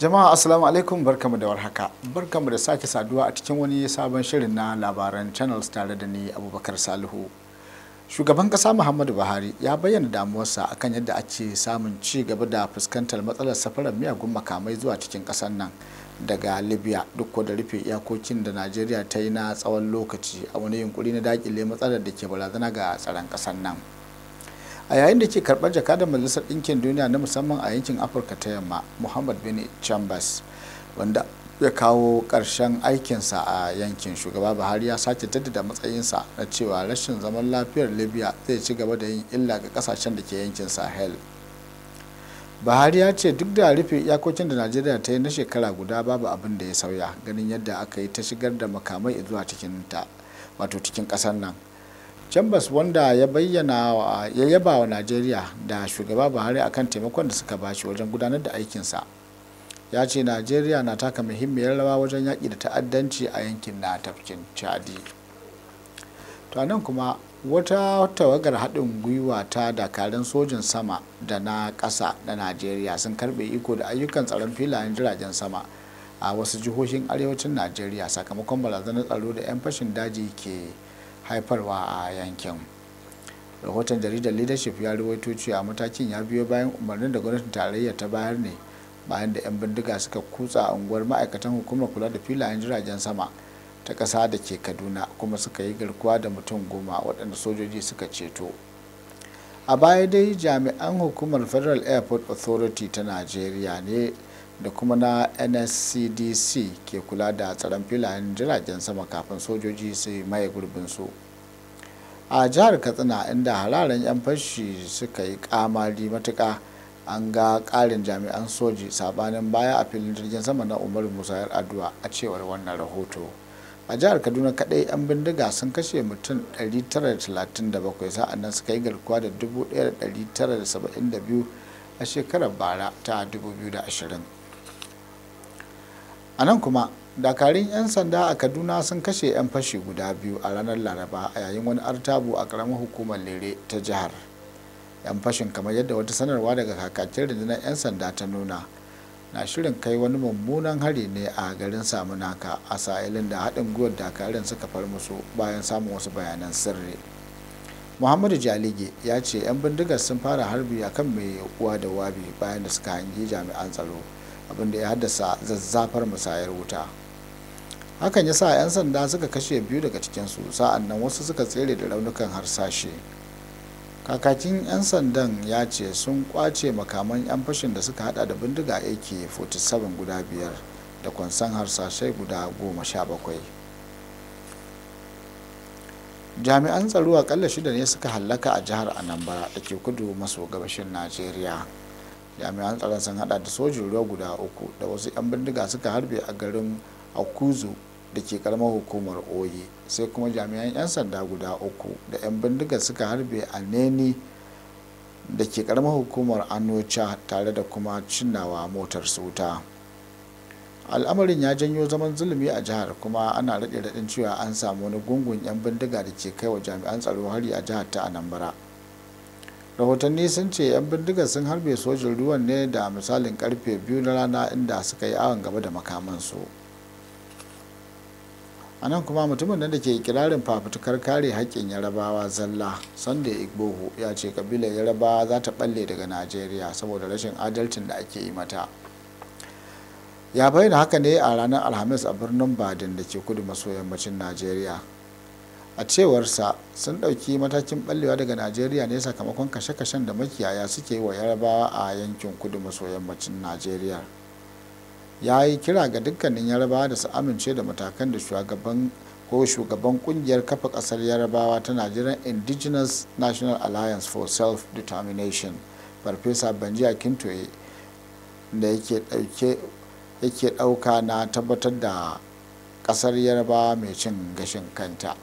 jama'a assalamu alaikum barkamu da warhaka barkamu da sake saduwa a cikin wani sabon shirin na labaran channels tare da ni abubakar salihu shugaban kasa muhammadu buhari ya bayyana damuwarsa akan yadda ake samun ci gaba da fuskantar matsalar safarar miyagun makamai zuwa cikin kasar nan daga libya duk da rufe iyakokin da najeriya ta yi na tsawon lokaci a wani yunkuri na dakile matsalar da ke barazana ga tsaron kasar nan a yayin da ke karɓar jakadar majalisar ɗinkin duniya na musamman a yankin afirka ta yamma muhammad bin chambers wanda ya kawo ƙarshen aikinsa a yankin shugaba buhari ya sake jaddada matsayinsa na cewa rashin zaman lafiyar libya zai ci gaba da yin illa ga kasashen da ke yankin sahel buhari ya ce duk da rufe iyakokin da najeriya ta yi na shekara guda babu abin da ya sauya ganin yadda aka yi ta shigar da makamai zuwa cikin ta wato cikin ƙasar nan chambers wanda ya bayyana ya yaba wa najeriya da shugaba buhari akan taimakon da suka bashi wajen gudanar da aikinsa ya ce najeriya na taka muhimmiyar rawa wajen yaƙi da ta'addanci a yankin na tafkin chadi to nan kuma wata tawagar haɗin gwiwa ta dakarun sojin sama da na ƙasa na najeriya sun karɓe iko da ayyukan tsaron filayen jiragen sama a wasu jihohin arewacin najeriya sakamakon barazanar tsaro da 'yan fashin daji ke haifarwa a yankin rahoton jaridar leadership ya ruwaito cewa matakin ya biyo bayan umarnin da gwamnatin tarayya ta bayar ne bayan da 'yan bindiga suka kutsa a unguwar ma'aikatan hukumar kula da filayen jiragen sama ta ƙasa da ke kaduna kuma suka yi garkuwa da mutum goma waɗanda sojoji suka ceto a baya dai jami'an hukumar federal airport authority ta nigeria ne da kuma na nscdc ke kula da tsaron filayen jiragen sama kafin sojoji su maye gurbin su a jihar katsina inda hararen 'yan fashi suka yi kamari matuka an ga karin jami'an soji sabanin baya a filin jirgin sama na umar musa addu'a a cewar wannan rahoto a jihar kaduna kadai 'yan bindiga sun kashe mutum 937 sa'annan suka yi garkuwa da 1972 a shekarar bara ta 2020 a nan kuma dakarun 'yan sanda a kaduna sun kashe 'yan fashi guda biyu a ranar laraba a yayin wani artabu a karamar hukumar lere ta jihar 'yan fashin kamar yadda wata sanarwa daga kakakin rundunar 'yan sanda ta nuna na shirin kai wani mummunan hari ne a garin samunaka a sa'ilin da haɗin gwiwar dakarun suka far musu bayan samun wasu bayanan sirri muhammadu jalige ya ce 'yan bindigar sun fara harbi akan mai uwa da wabi bayan da suka hangi jami'an tsaro abinda ya haddasa zazzafar musayar wuta hakan ya sa 'yan sanda suka kashe biyu daga cikinsu sa'an nan wasu suka tsere da raunukan harsashe kakakin 'yan sandan ya ce sun kwace makaman 'yan fashin da suka hada da bindiga ak-47 guda biyar da kwansan harsashe guda goma sha bakwai jami'an tsaro akalla shida ne suka hallaka a jihar anambra da ke kudu maso gabashin najeriya jami'an tsaron sun hada da sojin ruwa guda uku da wasu 'yan bindiga suka harbe a garin akuzu da ke karamar hukumar oye sai kuma jami'an 'yan sanda guda uku da 'yan bindiga suka harbe a neni da ke karamar hukumar anocha tare da kuma cinnawa motar suta al'amarin ya janyo zaman zulumi a jihar kuma ana rage raɗin cewa an samu wani gungun 'yan bindiga da ke kai wa jami'an tsaro hari a jihar ta anambra rahotanni sun ce 'yan bindiga sun harbe sojin ruwan ne da misalin karfe biyu na rana inda suka yi awon gaba da makamansu a nan kuma mutumin nan da ke kirarin fafutukar kare haƙƙin yarabawa zalla sunday igbohu ya ce kabilar yarabawa za ta balle daga najeriya saboda rashin adalcin da ake yi mata ya bayyana haka ne a ranar alhamis a birnin badin da ke kudu maso yammacin najeriya a cewarsa sun ɗauki matakin ɓallewa daga najeriya ne sakamakon kashe-kashen da makiyaya suke yi wa yarabawa a yankin kudu maso yammacin najeriya ya yi kira ga dukkanin yarabawa da su amince da matakan da shugaban ko shugaban kungiyar kafa ƙasar yarabawa ta nigerian indigenous national alliance for self-determination farfesa banji kintoye da yake ɗauka na tabbatar da ƙasar yarabawa mai cin gashin kanta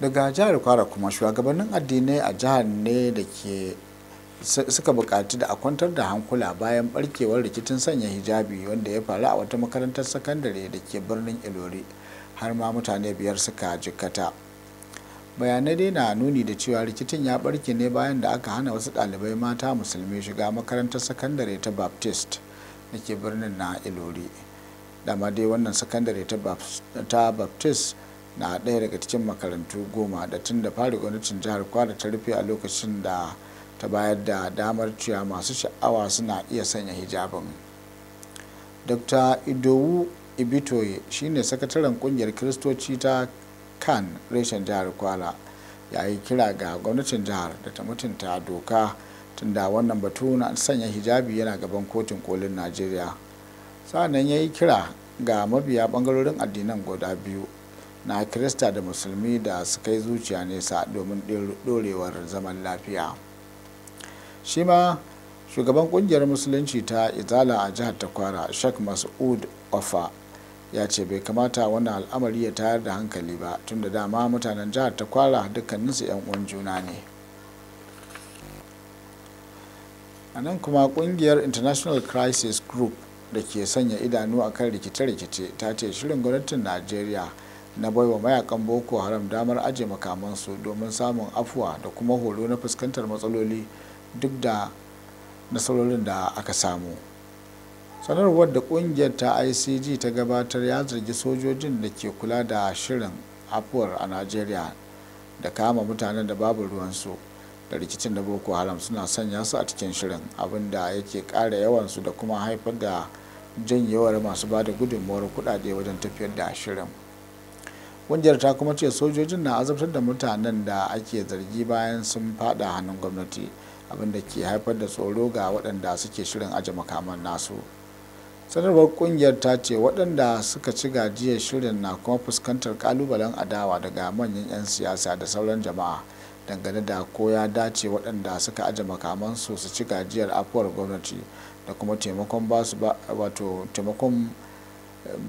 daga jihar kwara kuma shugabannin addinai a jihar ne da ke suka bukaci da a kwantar da hankula bayan barkewar rikicin sanya hijabi wanda ya faru a wata makarantar sakandare da ke birnin ilori har ma mutane biyar suka jikkata bayanai dai na nuni da cewa rikicin ya barke ne bayan da aka hana wasu ɗalibai mata musulmi shiga makarantar sakandare ta baptist da ke birnin na ilori dama dai wannan sakandare ta baptist na daya daga cikin makarantu goma da tun da fari gwamnatin jihar kwara ta rufe a lokacin da ta bayar da damar cewa masu sha'awa suna iya sanya hijabin dr idowu ibitoye shine sakataren kungiyar kiristoci ta kan reshen jihar kwala ya yi kira ga gwamnatin jihar da ta mutunta doka tunda wannan batu na sanya hijabi yana gaban kotun kolin najeriya sa'annan ya yi kira ga mabiya bangarorin addinan guda biyu na kirista da musulmi da su kai zuciya nesa domin dorewar zaman lafiya shi ma shugaban kungiyar musulunci ta izala a jihar takwara sheikh mas'ud ofa ya ce bai kamata wannan al'amari ya tayar da hankali ba tun da dama mutanen jihar takwara dukkaninsu 'yan uwan juna ne a nan kuma kungiyar international crisis group da ke sanya idanu akan rikice-rikice ta ce shirin gwamnatin najeriya na baiwa mayakan boko haram damar aje makamansu domin samun afuwa da kuma horo na fuskantar matsaloli duk da nasarorin da aka samu sanarwar da kungiyar ta icg ta gabatar ya zargi sojojin da ke kula da shirin afuwar a nigeria da kama mutanen da babu ruwansu da rikicin da boko haram suna sanya su a cikin shirin abinda yake ƙara yawansu da kuma haifar da janyewar masu ba da gudunmawar kudade wajen tafiyar da shirin ƙungiyar ta kuma ce sojojin na azabtar da mutanen da ake zargi bayan sun fada hannun gwamnati abin da ke haifar da tsoro ga waɗanda suke shirin aje makaman nasu sanarwar kungiyar ta ce waɗanda suka ci gajiyar shirin na kuma fuskantar kalubalen adawa daga manyan 'yan siyasa da sauran jama'a dangane da ko ya dace waɗanda suka aje makamansu su ci gajiyar afuwar gwamnati da kuma taimakon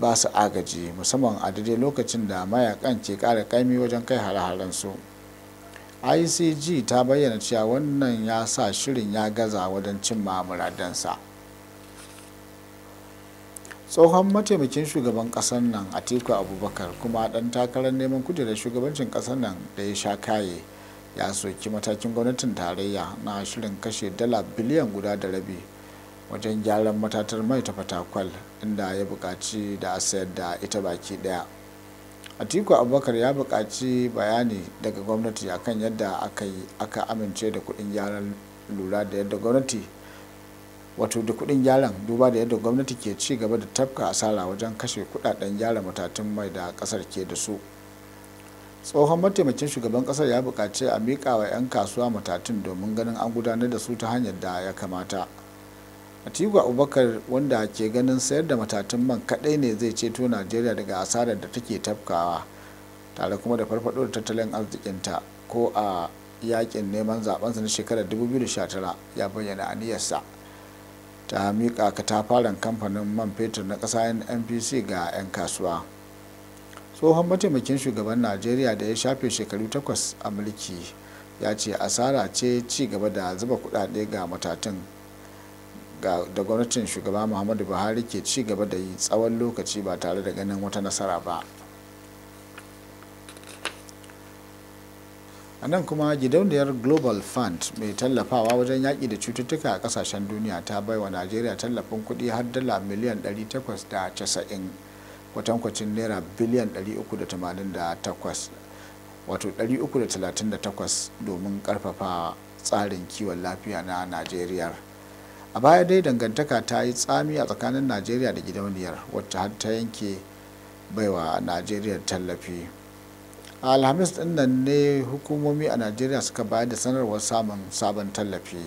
ba su agaji musamman a daidai lokacin da mayakan ke kara kaimi wajen kai hare-haren su icg ta bayyana cewa wannan ya sa shirin ya gaza wajen cimma muradansa tsohon mataimakin shugaban kasar nan atiku abubakar kuma dan takarar neman kujerar shugabancin kasar nan da ya sha kaye ya soki matakin gwamnatin tarayya na shirin kashe dala biliyan guda da rabi wajen gyaran matatar mai ta fatakwal inda ya bukaci da a sayar da ita baki daya atiku abubakar ya bukaci bayani daga gwamnati akan yadda aka aka amince da kuɗin gyaran lura da yadda gwamnati wato da kuɗin gyaran duba da yadda gwamnati ke ci gaba da tafka asara wajen kashe kudaden gyara matatun mai da kasar ke da su tsohon mataimakin shugaban kasar ya bukaci a miƙa wa 'yan kasuwa matatun domin ganin an gudanar da su ta hanyar da ya kamata atiku abubakar wanda ke ganin sayar da matatun man kadai ne zai ceto najeriya daga asarar da take tafkawa tare kuma da farfado da tattalin arzikinta ko a yakin neman zabensa na shekarar 2019 ya bayyana aniyarsa ta mika katafaren kamfanin man fetur na kasa npc ga 'yan kasuwa tsohon mataimakin shugaban najeriya da ya shafe shekaru takwas a mulki ya ce asara ce ci gaba da zuba kudade ga matatun da gwamnatin shugaba muhammadu buhari ke ci gaba da yi tsawon lokaci ba tare da ganin wata nasara ba a nan kuma gidauniyar global fund mai tallafawa wajen yaƙi da cututtuka a ƙasashen duniya ta baiwa najeriya tallafin kuɗi har dala miliyan 890 kwatankwacin naira biliyan 388 wato 338 domin ƙarfafa tsarin kiwon lafiya na najeriya a baya dai dangantaka ta yi tsami a tsakanin najeriya da gidauniyar wacce har ta yanke baiwa najeriya tallafi a alhamis din nan ne hukumomi a najeriya suka bayar da sanarwar samun sabon tallafi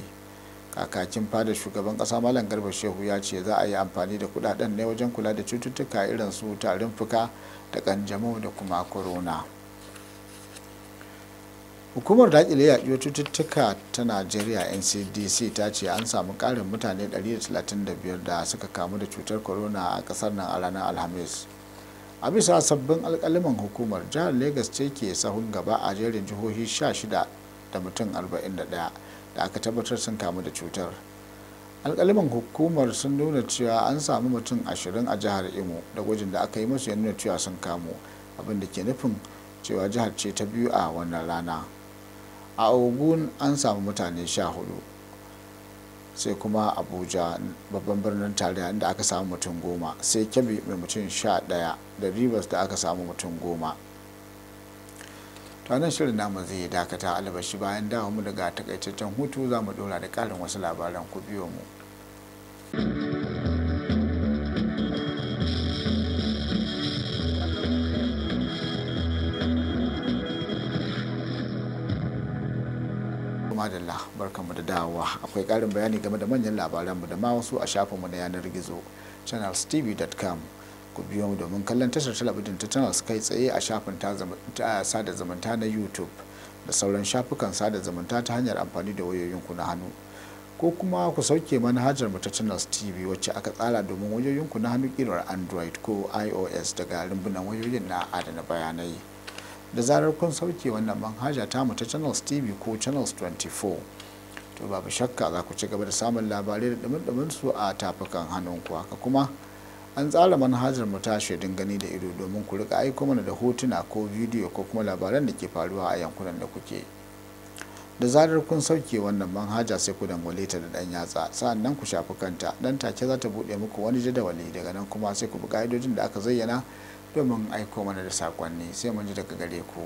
kakakin fadar shugaban kasa malam garba shehu ya ce za a yi amfani da kudaden ne wajen kula da cututtuka irin su tarin fuka da kanjamau da kuma corona. hukumar daƙile yaƙiwar cututtuka ta najeriya ncdc ta ce an samu ƙarin mutane 135 da suka kamu da cutar corona a kasar nan a ranar alhamis a bisa sabbin alƙaliman hukumar jihar lagos ce ke sahun gaba a jerin jihohi 16 da mutum 41 da aka tabbatar sun kamu da cutar alƙaliman hukumar sun nuna cewa an samu mutum 20 a jihar imo da gwajin da aka yi musu ya nuna cewa sun kamu abinda ke nufin cewa jihar ce ta biyu a wannan rana a ogun an samu mutane sha hudu sai kuma abuja babban birnin tarayya inda aka samu mutum goma sai kebbi mai mutum sha daya da rivers da aka samu mutum goma tanan shirin namu zai yi dakata albashi bayan dawo mu daga takaitaccen hutu za mu dora da karin wasu labaran ku biyo mu madalla barkanmu da dawowa akwai karin bayani game da manyan labaranmu da ma wasu a shafinmu na yanar gizo channels channelstv.com ku biyo mu domin kallon tashar talabijin ta channels kai tsaye a shafin sada zamanta na youtube da sauran shafukan sada zamanta ta hanyar amfani da wayoyinku na hannu ko kuma ku sauke manhajar mu ta channels tv wacce aka tsara domin wayoyinku na hannu kirar android ko ios daga rumbunan wayoyin na adana bayanai da zarar kun sauke wannan manhaja ta mu ta channels tv ko channels 24 to babu shakka za ku ci gaba da samun labarai da dumin su a tafukan hannunku haka kuma an tsara manhajar mu ta shaidin gani da ido domin ku rika aiko mana da hotuna ko bidiyo ko kuma labaran da ke faruwa a yankunan da kuke da zarar kun sauke wannan manhaja sai ku dangwale ta da dan yatsa sa'annan ku shafi kanta dan take za ta buɗe muku wani jadawali daga nan kuma sai ku bi ka'idojin da aka zayyana domin aiko mana da sakonni sai mun ji daga gare ku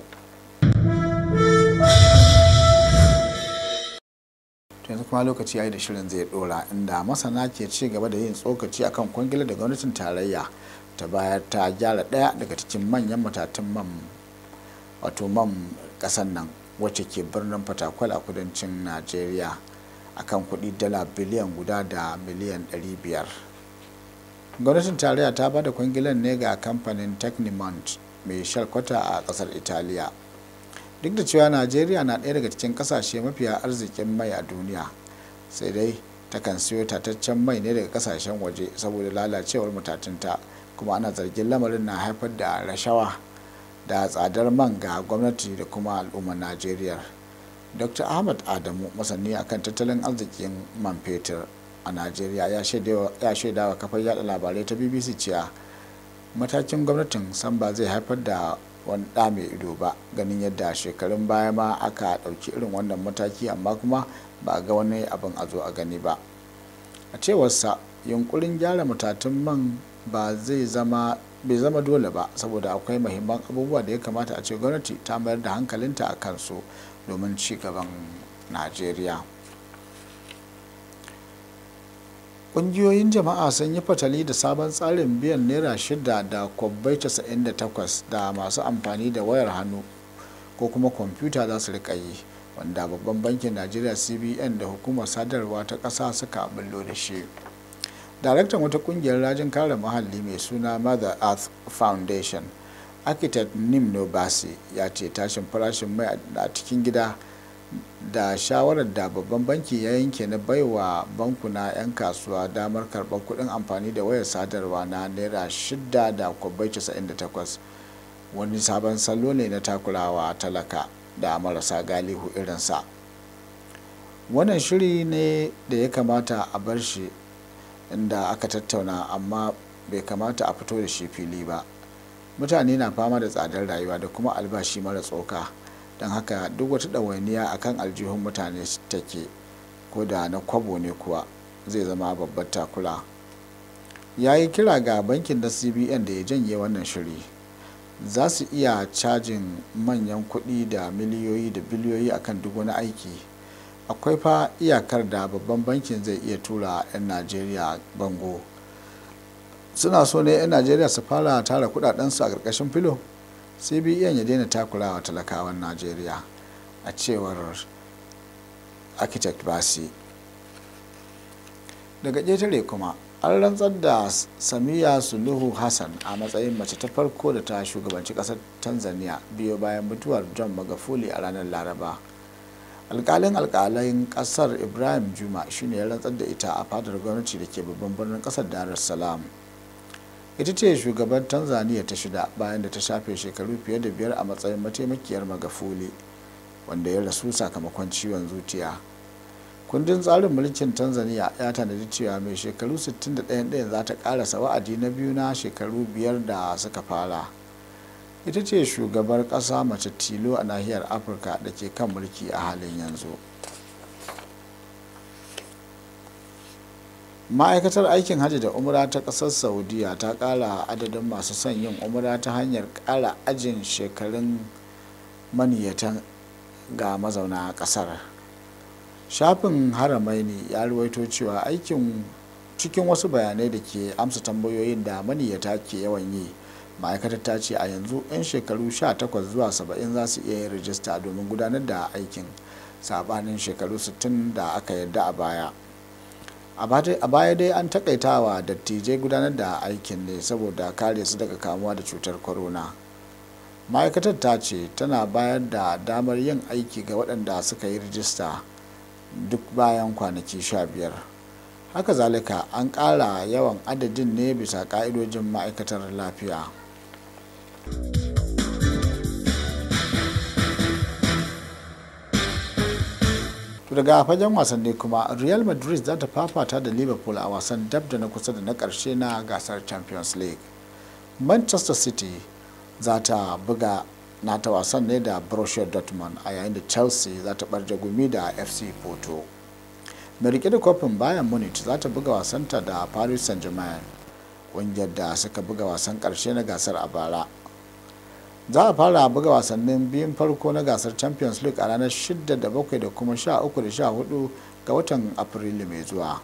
yanzu kuma lokaci yayi da shirin zai dora inda masana ke ci gaba da yin tsokaci akan kwangilar da gwamnatin tarayya ta bayar ta gyara daya daga cikin manyan matatun man wato man kasan nan wacce ke birnin fatakwal a kudancin najeriya akan kudi dala biliyan guda da miliyan 500 gwamnatin tarayya ta bada kwangilan ne ga kamfanin technimont mai shalkwata a kasar italiya duk da cewa najeriya na ɗaya daga cikin kasashe mafiya arzikin mai a duniya sai dai takan siyo tataccen mai ne daga kasashen waje saboda lalacewar matatinta kuma ana zargin lamarin na haifar da rashawa da tsadar man ga gwamnati da kuma al'ummar najeriya dr ahmad adamu masani akan tattalin arzikin man fetur a najeriya ya shaida wa kafar yada labarai ta bbc cewa matakin gwamnatin san ba zai haifar da wani ɗa mai ido ba ganin yadda shekarun baya ma aka ɗauki irin wannan mataki amma kuma ba ga wani abin a zo a gani ba a cewarsa yunkurin gyara matatun man ba zai zama bai zama dole ba saboda akwai mahimman abubuwa da ya kamata a ce gwamnati ta mayar da hankalinta a kansu domin ci gaban najeriya ƙungiyoyin jama'a sun yi fatali da sabon tsarin biyan naira shida da kwabbai 98 da masu amfani da wayar hannu ko kuma kwamfuta za su rika yi wanda babban bankin najeriya cbn da hukumar sadarwa ta ƙasa suka bullo da shi daraktan wata kungiyar rajin kare muhalli mai suna mother earth foundation architect nim nobasi ya ce tashin farashin mai a cikin gida da shawarar da babban banki ya yanke na baiwa bankuna 'yan kasuwa damar karɓar kuɗin amfani da wayar sadarwa na naira shida da takwas, wani sabon salo ne na takurawa talaka da marasa galihu irinsa wannan shiri ne da ya kamata a bar shi inda aka tattauna amma bai kamata a fito da shi fili ba mutane na fama da tsadar rayuwa da kuma albashi mara tsoka. don haka duk wata ɗawainiya a kan aljihun mutane take ko da na kwabo ne kuwa zai zama babbar takula ya yi kira ga bankin na cbn da ya janye wannan shiri za su iya cajin manyan kuɗi da miliyoyi da biliyoyi akan duk wani aiki akwai fa iyakar da babban bankin zai iya tura 'yan najeriya bango suna so ne 'yan najeriya su fara tara kudadensu a ƙarƙashin filo cbn ya daina wa talakawan najeriya a cewar architect basi daga ƙetare kuma an rantsar da samiya suluhu hassan a matsayin mace ta farko da ta shugabanci ƙasar tanzania biyo bayan mutuwar john magafuli a ranar laraba alkalin alkalin ƙasar ibrahim juma shine ya rantsar da ita a fadar gwamnati da ke babban birnin ƙasar dar es salaam ita ce shugaban tanzania ta shida bayan da ta shafe shekaru fiye da biyar a matsayin mataimakiyar magafuli wanda ya rasu sakamakon ciwon zuciya kundin tsarin mulkin tanzania ya tanadi cewa mai shekaru 61 ɗayan za ta karasa wa'adi na biyu na shekaru biyar da suka fara ita ce shugabar ƙasa mace tilo a nahiyar afirka da ke kan mulki a halin yanzu ma'aikatar aikin hajji da umra ta kasar saudiya ta kara adadin masu son yin umra ta hanyar kara ajin shekarun maniyatan ga mazauna kasar shafin haramaini ya ruwaito cewa aikin cikin wasu bayanai da ke amsa tambayoyin da maniyata ke yawan yi ma'aikatar ta ce a yanzu 'yan shekaru 18 zuwa 70 za su iya yin rijista domin gudanar da aikin sabanin shekaru 60 da aka yadda a baya a baya dai an takaitawa dattijai gudanar da aikin ne saboda kare su daga kamuwa da cutar corona ma'aikatar ta ce tana bayar da damar yin aiki ga waɗanda suka yi rijista duk bayan kwanaki 15 haka zalika an ƙara yawan adadin ne bisa ƙa'idojin ma'aikatar lafiya. daga fagen wasanni kuma real madrid za ta fafata da liverpool a wasan dab da na kusa da na karshe na gasar champions league manchester city za ta buga na ta wasan ne da borussia dortmund a yayin da chelsea za ta barja gumi da fc porto mai rike da kofin bayan munich za ta buga wasanta da paris saint-germain ƙungiyar da suka buga wasan karshe na gasar a bara za a fara buga wasannin biyun farko na gasar champions league a ranar 6 da 7 da kuma 13 da 14 ga watan afrilu mai zuwa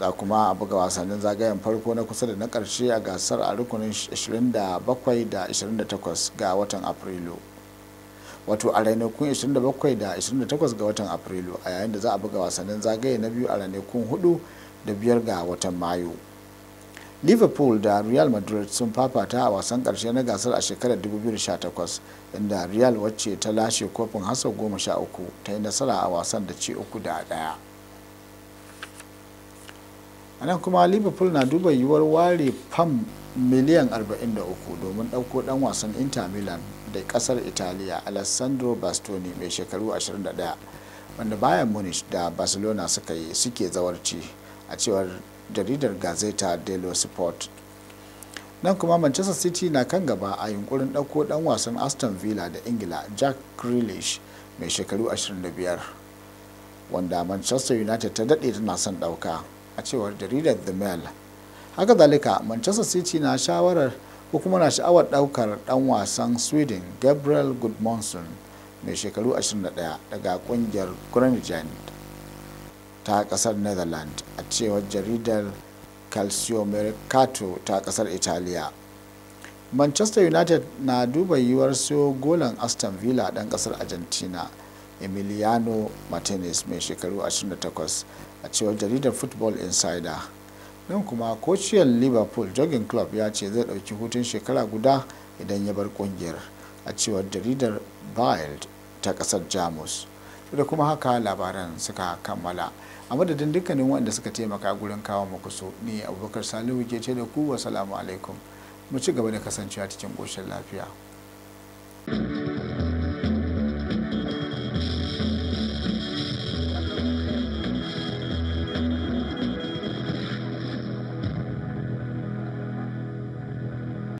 za kuma a buga wasannin zagayen farko na kusa da na karshe a gasar a rukunin 27 da 28 ga watan afrilu wato a ranakun 27 da 28 ga watan afrilu a yayin da za a buga wasannin zagaye na biyu a ranakun 4 da 5 ga watan mayu liverpool da real madrid sun fafata a wasan karshe na gasar a shekarar 2018 inda real wacce ta lashe kofin hasa goma sha uku ta yi nasara a wasan da ce uku da daya a nan kuma liverpool na duba yiwuwar ware fam miliyan 43 domin ɗauko ɗan wasan inter milan da ƙasar italiya alessandro bastoni mai shekaru 21 wanda bayan munich da barcelona suka yi suke zawarci a cewar jaridar gazeta dello sport nan kuma manchester city na kan gaba a yunkurin ɗauko ɗan wasan aston villa da ingila jack grealish mai shekaru 25 wanda manchester united ta daɗe tana son ɗauka a cewar jaridar the mail haka zalika manchester city na shawarar ko kuma na sha'awar ɗaukar ɗan wasan sweden gabriel goodmanson mai shekaru 21 daga ƙungiyar giant ta kasar netherlands a cewar jaridar calciomercato ta kasar italiya manchester united na duba yiwuwar siyo golan aston villa dan kasar argentina emiliano martinez mai shekaru 28 a cewar jaridar football insider nan kuma kociyar liverpool jogging club ya ce zai dauki hutun shekara guda idan ya bar kungiyar a cewar jaridar bild ta kasar jamus da kuma haka labaran suka kammala a madadin dukkanin waɗanda suka taimaka gurin kawo muku so ni abubakar salihu ke ce da ku wasalamu alaikum mu ci gaba da kasancewa cikin ƙoshin lafiya.